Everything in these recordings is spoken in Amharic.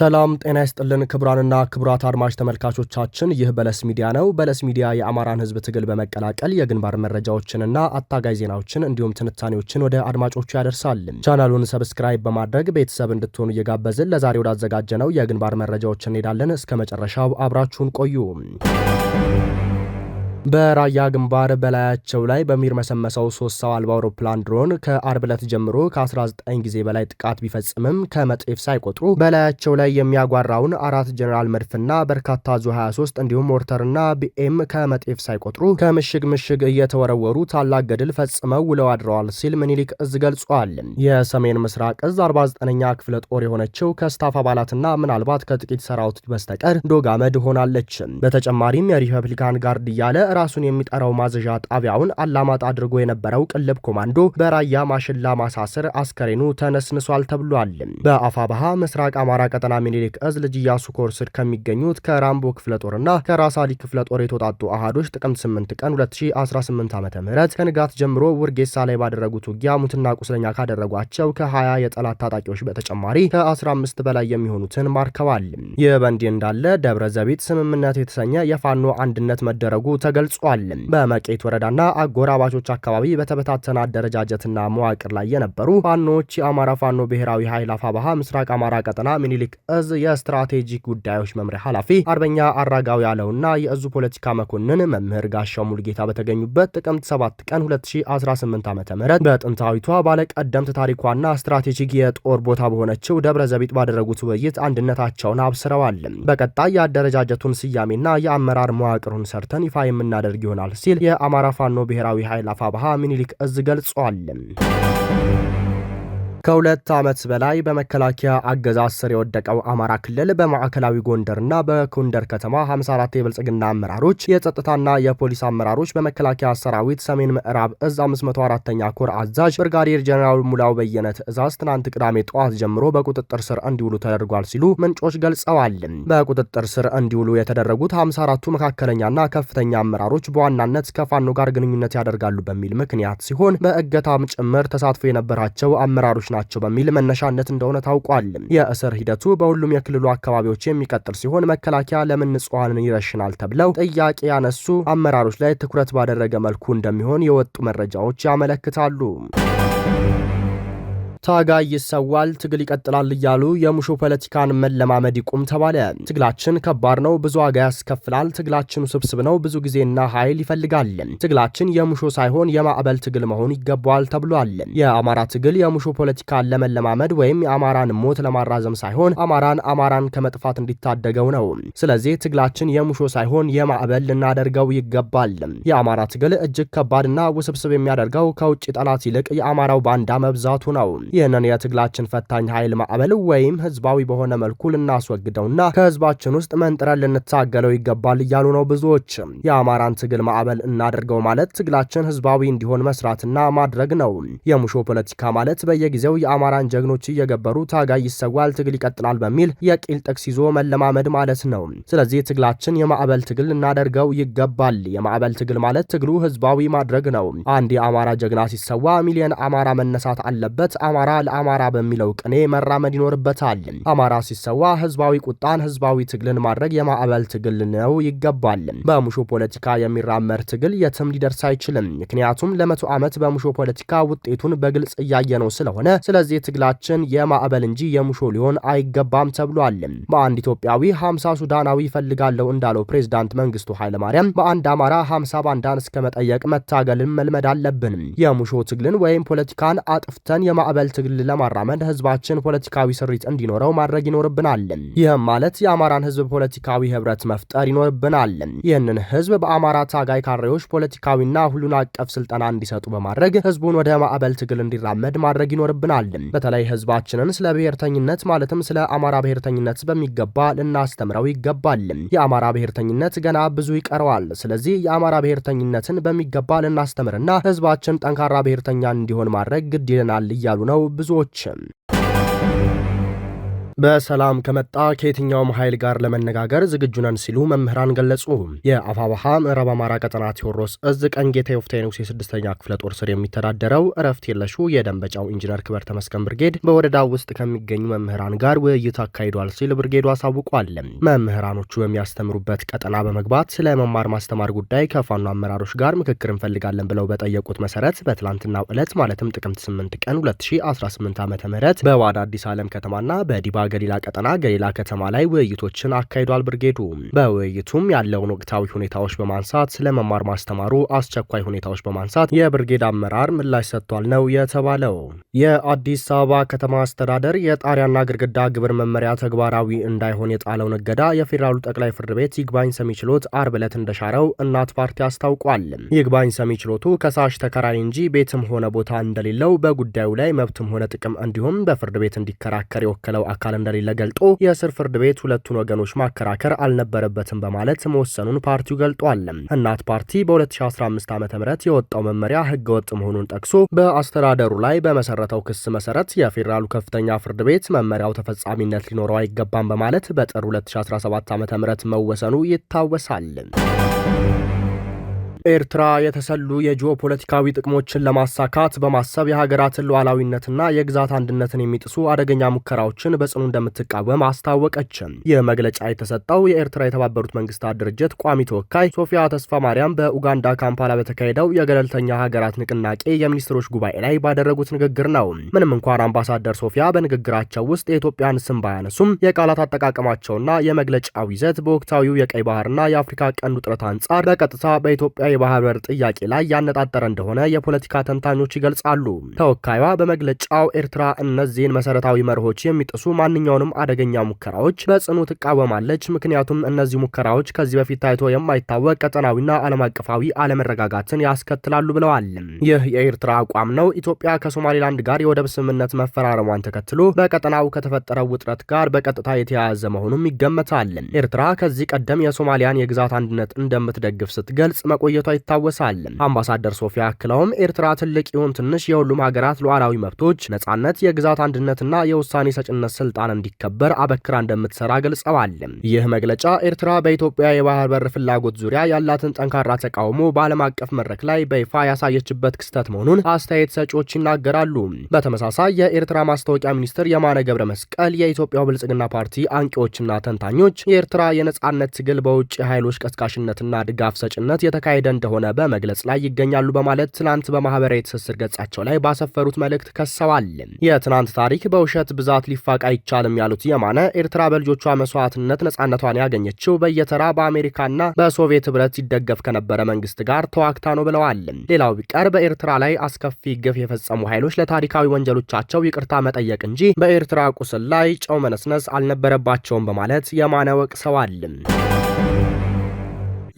ሰላም ጤና ይስጥልን ክቡራንና ክቡራት አድማጭ ተመልካቾቻችን፣ ይህ በለስ ሚዲያ ነው። በለስ ሚዲያ የአማራን ሕዝብ ትግል በመቀላቀል የግንባር መረጃዎችንና አታጋይ ዜናዎችን እንዲሁም ትንታኔዎችን ወደ አድማጮቹ ያደርሳል። ቻናሉን ሰብስክራይብ በማድረግ ቤተሰብ እንድትሆኑ እየጋበዝን ለዛሬ ነው የግንባር መረጃዎች እንሄዳለን። እስከ መጨረሻው አብራችሁን ቆዩ። በራያ ግንባር በላያቸው ላይ በሚርመሰመሰው ሶስት ሰው አልባ አውሮፕላን ድሮን ከአርብ ዕለት ጀምሮ ከ19 ጊዜ በላይ ጥቃት ቢፈጽምም ከመጤፍ ሳይቆጥሩ በላያቸው ላይ የሚያጓራውን አራት ጀኔራል መድፍና በርካታ ዙ 23 እንዲሁም ሞርተርና ቢኤም ከመጤፍ ሳይቆጥሩ ከምሽግ ምሽግ እየተወረወሩ ታላቅ ገድል ፈጽመው ውለው አድረዋል ሲል ምኒሊክ እዝ ገልጿል። የሰሜን ምስራቅ እዝ 49ኛ ክፍለ ጦር የሆነችው ከስታፍ አባላትና ምናልባት ከጥቂት ሰራዊት በስተቀር ዶጋመድ ሆናለች። በተጨማሪም የሪፐብሊካን ጋርድ እያለ ራሱን የሚጠራው ማዘዣ ጣቢያውን አላማጣ አድርጎ የነበረው ቅልብ ኮማንዶ በራያ ማሽላ ማሳስር አስከሬኑ ተነስንሷል ተብሏል። በአፋባሃ ምስራቅ አማራ ቀጠና ሚኒሊክ እዝ ልጅ ኢያሱ ኮር ስር ከሚገኙት ከራምቦ ክፍለ ጦርና ከራሳሊ ክፍለ ጦር የተውጣጡ አሃዶች ጥቅምት 8 ቀን 2018 ዓ ም ከንጋት ጀምሮ ውርጌሳ ላይ ባደረጉት ውጊያ ሙትና ቁስለኛ ካደረጓቸው ከ20 የጠላት ታጣቂዎች በተጨማሪ ከ15 በላይ የሚሆኑትን ማርከዋል። ይህ በእንዲህ እንዳለ ደብረ ዘቢት ስምምነት የተሰኘ የፋኖ አንድነት መደረጉ ተገ ገልጿል። በመቄት ወረዳና አጎራባቾች አካባቢ በተበታተነ አደረጃጀትና መዋቅር ላይ የነበሩ ፋኖዎች የአማራ ፋኖ ብሔራዊ ኃይል አፋባሃ ምስራቅ አማራ ቀጠና ሚኒሊክ እዝ የስትራቴጂክ ጉዳዮች መምሪያ ኃላፊ አርበኛ አራጋው ያለውና የእዙ ፖለቲካ መኮንን መምህር ጋሻው ሙልጌታ በተገኙበት ጥቅምት 7 ቀን 2018 ዓ ም በጥንታዊቷ ባለቀደምት ታሪኳና ስትራቴጂክ የጦር ቦታ በሆነችው ደብረ ዘቢጥ ባደረጉት ውይይት አንድነታቸውን አብስረዋል። በቀጣይ የአደረጃጀቱን ስያሜና የአመራር መዋቅሩን ሰርተን ይፋ የምን የምናደርግ ይሆናል ሲል የአማራ ፋኖ ብሔራዊ ኃይል አፋብሃ ሚኒሊክ እዝ ገልጿል። ከሁለት ዓመት በላይ በመከላከያ አገዛዝ ስር የወደቀው አማራ ክልል በማዕከላዊ ጎንደርና በኮንደር ከተማ 54 የብልጽግና አመራሮች፣ የጸጥታና የፖሊስ አመራሮች በመከላከያ ሰራዊት ሰሜን ምዕራብ እዝ 54ኛ ኮር አዛዥ ብርጋዴር ጀኔራል ሙላው በየነ እዛዝ ትናንት ቅዳሜ ጠዋት ጀምሮ በቁጥጥር ስር እንዲውሉ ተደርጓል ሲሉ ምንጮች ገልጸዋል። በቁጥጥር ስር እንዲውሉ የተደረጉት 54ቱ መካከለኛና ከፍተኛ አመራሮች በዋናነት ከፋኖ ጋር ግንኙነት ያደርጋሉ በሚል ምክንያት ሲሆን በእገታም ጭምር ተሳትፎ የነበራቸው አመራሮች ናቸው በሚል መነሻነት እንደሆነ ታውቋል። የእስር ሂደቱ በሁሉም የክልሉ አካባቢዎች የሚቀጥል ሲሆን መከላከያ ለምን ንጹሐንን ይረሽናል ተብለው ጥያቄ ያነሱ አመራሮች ላይ ትኩረት ባደረገ መልኩ እንደሚሆን የወጡ መረጃዎች ያመለክታሉ። ታጋይ ይሰዋል፣ ትግል ይቀጥላል እያሉ የሙሾ ፖለቲካን መለማመድ ይቁም ተባለ። ትግላችን ከባድ ነው፣ ብዙ ዋጋ ያስከፍላል። ትግላችን ውስብስብ ነው፣ ብዙ ጊዜና ኃይል ይፈልጋል። ትግላችን የሙሾ ሳይሆን የማዕበል ትግል መሆን ይገባዋል ተብሏል። የአማራ ትግል የሙሾ ፖለቲካን ለመለማመድ ወይም የአማራን ሞት ለማራዘም ሳይሆን አማራን አማራን ከመጥፋት እንዲታደገው ነው። ስለዚህ ትግላችን የሙሾ ሳይሆን የማዕበል ልናደርገው ይገባል። የአማራ ትግል እጅግ ከባድና ውስብስብ የሚያደርገው ከውጭ ጠላት ይልቅ የአማራው ባንዳ መብዛቱ ነው። ይህንን የትግላችን ፈታኝ ኃይል ማዕበል ወይም ህዝባዊ በሆነ መልኩ ልናስወግደውና ከህዝባችን ውስጥ መንጥረን ልንታገለው ይገባል እያሉ ነው ብዙዎች። የአማራን ትግል ማዕበል እናደርገው ማለት ትግላችን ህዝባዊ እንዲሆን መስራትና ማድረግ ነው። የሙሾ ፖለቲካ ማለት በየጊዜው የአማራን ጀግኖች እየገበሩ ታጋይ ይሰዋል፣ ትግል ይቀጥላል በሚል የቂል ጥቅስ ይዞ መለማመድ ማለት ነው። ስለዚህ ትግላችን የማዕበል ትግል እናደርገው ይገባል። የማዕበል ትግል ማለት ትግሉ ህዝባዊ ማድረግ ነው። አንድ የአማራ ጀግና ሲሰዋ ሚሊዮን አማራ መነሳት አለበት። አማራ ለአማራ በሚለው ቅኔ መራመድ ይኖርበታል። አማራ ሲሰዋ ህዝባዊ ቁጣን፣ ህዝባዊ ትግልን ማድረግ የማዕበል ትግል ነው ይገባል። በሙሾ ፖለቲካ የሚራመድ ትግል የትም ሊደርስ አይችልም። ምክንያቱም ለመቶ ዓመት በሙሾ ፖለቲካ ውጤቱን በግልጽ እያየነው ስለሆነ፣ ስለዚህ ትግላችን የማዕበል እንጂ የሙሾ ሊሆን አይገባም ተብሏል። በአንድ ኢትዮጵያዊ 50 ሱዳናዊ ይፈልጋለሁ እንዳለው ፕሬዝዳንት መንግስቱ ኃይለማርያም በአንድ አማራ 50 ባንዳን እስከ መጠየቅ መታገልን መልመድ አለብን። የሙሾ ትግልን ወይም ፖለቲካን አጥፍተን የማዕበል ትግል ለማራመድ ህዝባችን ፖለቲካዊ ስሪት እንዲኖረው ማድረግ ይኖርብናል። ይህም ማለት የአማራን ህዝብ ፖለቲካዊ ህብረት መፍጠር ይኖርብናል። ይህንን ህዝብ በአማራ ታጋይ ካሬዎች ፖለቲካዊና ሁሉን አቀፍ ስልጠና እንዲሰጡ በማድረግ ህዝቡን ወደ ማዕበል ትግል እንዲራመድ ማድረግ ይኖርብናል። በተለይ ህዝባችንን ስለ ብሔርተኝነት ማለትም ስለ አማራ ብሔርተኝነት በሚገባ ልናስተምረው ይገባል። የአማራ ብሔርተኝነት ገና ብዙ ይቀረዋል። ስለዚህ የአማራ ብሔርተኝነትን በሚገባ ልናስተምርና ህዝባችን ጠንካራ ብሔርተኛ እንዲሆን ማድረግ ግድ ይለናል እያሉ ነው ብዙዎችም በሰላም ከመጣ ከየትኛውም ኃይል ጋር ለመነጋገር ዝግጁ ነን ሲሉ መምህራን ገለጹ። የአፋባሃ ምዕራብ አማራ ቀጠና ቴዎድሮስ እዝ ቀንጌታ የወፍታዊ ንጉሴ የስድስተኛ ክፍለ ጦር ስር የሚተዳደረው እረፍት የለሹ የደንበጫው ኢንጂነር ክበር ተመስገን ብርጌድ በወረዳ ውስጥ ከሚገኙ መምህራን ጋር ውይይት አካሂዷል ሲል ብርጌዱ አሳውቋል። መምህራኖቹ በሚያስተምሩበት ቀጠና በመግባት ስለ መማር ማስተማር ጉዳይ ከፋኖ አመራሮች ጋር ምክክር እንፈልጋለን ብለው በጠየቁት መሰረት በትላንትናው ዕለት ማለትም ጥቅምት 8 ቀን 2018 ዓ ም በዋዳ አዲስ ዓለም ከተማና በዲባ ገሊላ ቀጠና ገሊላ ከተማ ላይ ውይይቶችን አካሂዷል። ብርጌዱ በውይይቱም ያለውን ወቅታዊ ሁኔታዎች በማንሳት ስለ መማር ማስተማሩ አስቸኳይ ሁኔታዎች በማንሳት የብርጌድ አመራር ምላሽ ሰጥቷል ነው የተባለው። የአዲስ አበባ ከተማ አስተዳደር የጣሪያና ግድግዳ ግብር መመሪያ ተግባራዊ እንዳይሆን የጣለውን እገዳ የፌዴራሉ ጠቅላይ ፍርድ ቤት ይግባኝ ሰሚ ችሎት አርብ ዕለት እንደሻረው እናት ፓርቲ አስታውቋል። ይግባኝ ሰሚ ችሎቱ ከሳሽ ተከራሪ እንጂ ቤትም ሆነ ቦታ እንደሌለው በጉዳዩ ላይ መብትም ሆነ ጥቅም እንዲሁም በፍርድ ቤት እንዲከራከር የወከለው አካል እንደሌለ ገልጦ የስር ፍርድ ቤት ሁለቱን ወገኖች ማከራከር አልነበረበትም በማለት መወሰኑን ፓርቲው ገልጧል። እናት ፓርቲ በ2015 ዓ ም የወጣው መመሪያ ህገወጥ መሆኑን ጠቅሶ በአስተዳደሩ ላይ በመሰረተው ክስ መሰረት የፌዴራሉ ከፍተኛ ፍርድ ቤት መመሪያው ተፈጻሚነት ሊኖረው አይገባም በማለት በጥር 2017 ዓ ም መወሰኑ ይታወሳል። ኤርትራ የተሰሉ የጂኦፖለቲካዊ ጥቅሞችን ለማሳካት በማሰብ የሀገራትን ሉዓላዊነትና የግዛት አንድነትን የሚጥሱ አደገኛ ሙከራዎችን በጽኑ እንደምትቃወም አስታወቀች። ይህ መግለጫ የተሰጠው የኤርትራ የተባበሩት መንግስታት ድርጅት ቋሚ ተወካይ ሶፊያ ተስፋ ማርያም በኡጋንዳ ካምፓላ በተካሄደው የገለልተኛ ሀገራት ንቅናቄ የሚኒስትሮች ጉባኤ ላይ ባደረጉት ንግግር ነው። ምንም እንኳን አምባሳደር ሶፊያ በንግግራቸው ውስጥ የኢትዮጵያን ስም ባያነሱም የቃላት አጠቃቀማቸውና የመግለጫው ይዘት በወቅታዊው የቀይ ባህርና የአፍሪካ ቀንድ ውጥረት አንጻር በቀጥታ በኢትዮጵያ የባህር በር ጥያቄ ላይ ያነጣጠረ እንደሆነ የፖለቲካ ተንታኞች ይገልጻሉ። ተወካይዋ በመግለጫው ኤርትራ እነዚህን መሰረታዊ መርሆች የሚጥሱ ማንኛውንም አደገኛ ሙከራዎች በጽኑ ትቃወማለች፣ ምክንያቱም እነዚህ ሙከራዎች ከዚህ በፊት ታይቶ የማይታወቅ ቀጠናዊና ዓለም አቀፋዊ አለመረጋጋትን ያስከትላሉ ብለዋል። ይህ የኤርትራ አቋም ነው። ኢትዮጵያ ከሶማሌላንድ ጋር የወደብ ስምምነት መፈራረሟን ተከትሎ በቀጠናው ከተፈጠረው ውጥረት ጋር በቀጥታ የተያያዘ መሆኑም ይገመታል። ኤርትራ ከዚህ ቀደም የሶማሊያን የግዛት አንድነት እንደምትደግፍ ስትገልጽ መቆየ መቆየቷ ይታወሳል። አምባሳደር ሶፊያ አክለውም ኤርትራ ትልቅ ይሁን ትንሽ የሁሉም ሀገራት ሉዓላዊ መብቶች፣ ነጻነት፣ የግዛት አንድነትና የውሳኔ ሰጭነት ስልጣን እንዲከበር አበክራ እንደምትሰራ ገልጸዋል። ይህ መግለጫ ኤርትራ በኢትዮጵያ የባህር በር ፍላጎት ዙሪያ ያላትን ጠንካራ ተቃውሞ በዓለም አቀፍ መድረክ ላይ በይፋ ያሳየችበት ክስተት መሆኑን አስተያየት ሰጪዎች ይናገራሉ። በተመሳሳይ የኤርትራ ማስታወቂያ ሚኒስትር የማነ ገብረ መስቀል የኢትዮጵያው ብልጽግና ፓርቲ አንቂዎችና ተንታኞች የኤርትራ የነጻነት ትግል በውጭ ኃይሎች ቀስቃሽነትና ድጋፍ ሰጭነት የተካሄደ እንደሆነ በመግለጽ ላይ ይገኛሉ በማለት ትናንት በማህበራዊ ትስስር ገጻቸው ላይ ባሰፈሩት መልእክት ከሰዋል። የትናንት ታሪክ በውሸት ብዛት ሊፋቅ አይቻልም ያሉት የማነ ኤርትራ በልጆቿ መስዋዕትነት ነጻነቷን ያገኘችው በየተራ በአሜሪካና በሶቪየት ህብረት ሲደገፍ ከነበረ መንግስት ጋር ተዋግታ ነው ብለዋል። ሌላው ቢቀር በኤርትራ ላይ አስከፊ ግፍ የፈጸሙ ኃይሎች ለታሪካዊ ወንጀሎቻቸው ይቅርታ መጠየቅ እንጂ በኤርትራ ቁስል ላይ ጨው መነስነስ አልነበረባቸውም በማለት የማነ ወቅሰዋል።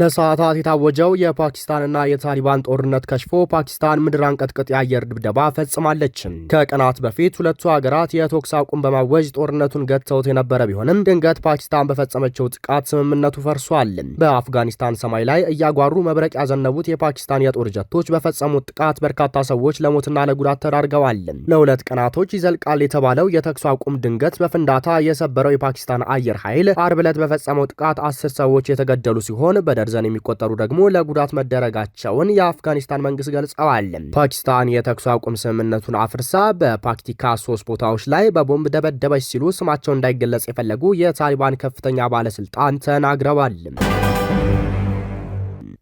ለሰዓታት የታወጀው የፓኪስታንና የታሊባን ጦርነት ከሽፎ ፓኪስታን ምድር አንቀጥቅጥ የአየር ድብደባ ፈጽማለች። ከቀናት በፊት ሁለቱ ሀገራት የተኩስ አቁም በማወጅ ጦርነቱን ገትተውት የነበረ ቢሆንም ድንገት ፓኪስታን በፈጸመችው ጥቃት ስምምነቱ ፈርሷል። በአፍጋኒስታን ሰማይ ላይ እያጓሩ መብረቅ ያዘነቡት የፓኪስታን የጦር ጀቶች በፈጸሙት ጥቃት በርካታ ሰዎች ለሞትና ለጉዳት ተዳርገዋል። ለሁለት ቀናቶች ይዘልቃል የተባለው የተኩስ አቁም ድንገት በፍንዳታ የሰበረው የፓኪስታን አየር ኃይል አርብ ዕለት በፈጸመው ጥቃት አስር ሰዎች የተገደሉ ሲሆን በደ በደርዘን የሚቆጠሩ ደግሞ ለጉዳት መደረጋቸውን የአፍጋኒስታን መንግስት ገልጸዋል። ፓኪስታን የተኩስ አቁም ስምምነቱን አፍርሳ በፓክቲካ ሶስት ቦታዎች ላይ በቦምብ ደበደበች ሲሉ ስማቸው እንዳይገለጽ የፈለጉ የታሊባን ከፍተኛ ባለስልጣን ተናግረዋል።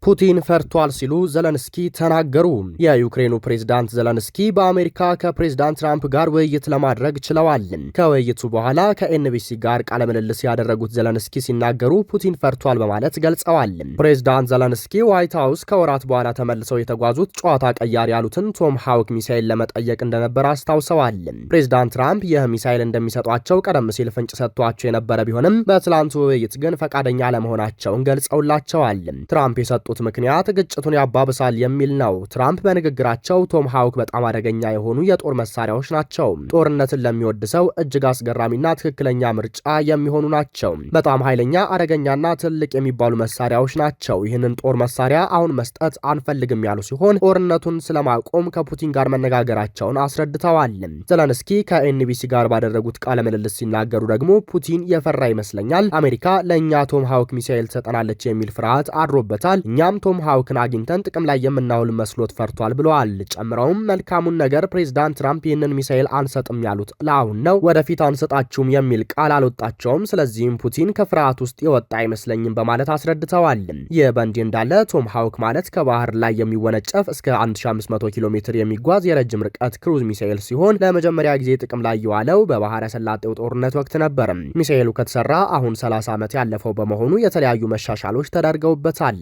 ፑቲን ፈርቷል ሲሉ ዘለንስኪ ተናገሩ። የዩክሬኑ ፕሬዝዳንት ዘለንስኪ በአሜሪካ ከፕሬዝዳንት ትራምፕ ጋር ውይይት ለማድረግ ችለዋል። ከውይይቱ በኋላ ከኤንቢሲ ጋር ቃለምልልስ ያደረጉት ዘለንስኪ ሲናገሩ ፑቲን ፈርቷል በማለት ገልጸዋል። ፕሬዝዳንት ዘለንስኪ ዋይት ሀውስ ከወራት በኋላ ተመልሰው የተጓዙት ጨዋታ ቀያር ያሉትን ቶም ሀውክ ሚሳይል ለመጠየቅ እንደነበር አስታውሰዋል። ፕሬዝዳንት ትራምፕ ይህ ሚሳይል እንደሚሰጧቸው ቀደም ሲል ፍንጭ ሰጥቷቸው የነበረ ቢሆንም በትላንቱ ውይይት ግን ፈቃደኛ ለመሆናቸውን ገልጸውላቸዋል። ትራምፕ የሰጡ ያወጡት ምክንያት ግጭቱን ያባብሳል የሚል ነው። ትራምፕ በንግግራቸው ቶም ሃውክ በጣም አደገኛ የሆኑ የጦር መሳሪያዎች ናቸው፣ ጦርነትን ለሚወድ ሰው እጅግ አስገራሚና ትክክለኛ ምርጫ የሚሆኑ ናቸው። በጣም ኃይለኛ አደገኛና ትልቅ የሚባሉ መሳሪያዎች ናቸው። ይህንን ጦር መሳሪያ አሁን መስጠት አንፈልግም ያሉ ሲሆን ጦርነቱን ስለማቆም ከፑቲን ጋር መነጋገራቸውን አስረድተዋል። ዘለንስኪ ከኤንቢሲ ጋር ባደረጉት ቃለ ምልልስ ሲናገሩ ደግሞ ፑቲን የፈራ ይመስለኛል አሜሪካ ለእኛ ቶም ሃውክ ሚሳኤል ትሰጠናለች የሚል ፍርሃት አድሮበታል እኛም ቶም ሀውክን አግኝተን ጥቅም ላይ የምናውል መስሎት ፈርቷል ብለዋል። ጨምረውም መልካሙን ነገር ፕሬዚዳንት ትራምፕ ይህንን ሚሳኤል አንሰጥም ያሉት ለአሁን ነው፣ ወደፊት አንሰጣችሁም የሚል ቃል አልወጣቸውም። ስለዚህም ፑቲን ከፍርሃት ውስጥ የወጣ አይመስለኝም በማለት አስረድተዋል። ይህ በእንዲህ እንዳለ ቶም ሀውክ ማለት ከባህር ላይ የሚወነጨፍ እስከ 1500 ኪሎ ሜትር የሚጓዝ የረጅም ርቀት ክሩዝ ሚሳኤል ሲሆን ለመጀመሪያ ጊዜ ጥቅም ላይ የዋለው በባህረ ሰላጤው ጦርነት ወቅት ነበር። ሚሳኤሉ ከተሰራ አሁን 30 ዓመት ያለፈው በመሆኑ የተለያዩ መሻሻሎች ተደርገውበታል።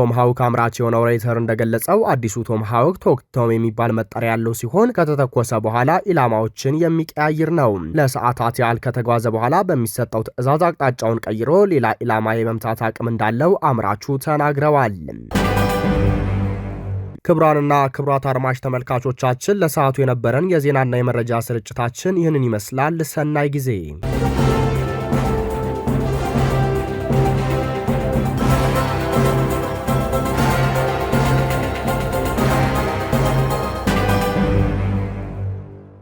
ቶም ሀውክ አምራች የሆነው ሬይተር እንደገለጸው አዲሱ ቶም ሀውክ ቶክቶም የሚባል መጠሪያ ያለው ሲሆን ከተተኮሰ በኋላ ኢላማዎችን የሚቀያይር ነው። ለሰዓታት ያህል ከተጓዘ በኋላ በሚሰጠው ትዕዛዝ አቅጣጫውን ቀይሮ ሌላ ኢላማ የመምታት አቅም እንዳለው አምራቹ ተናግረዋል። ክቡራንና ክቡራት አድማጭ ተመልካቾቻችን ለሰዓቱ የነበረን የዜናና የመረጃ ስርጭታችን ይህንን ይመስላል። ሰናይ ጊዜ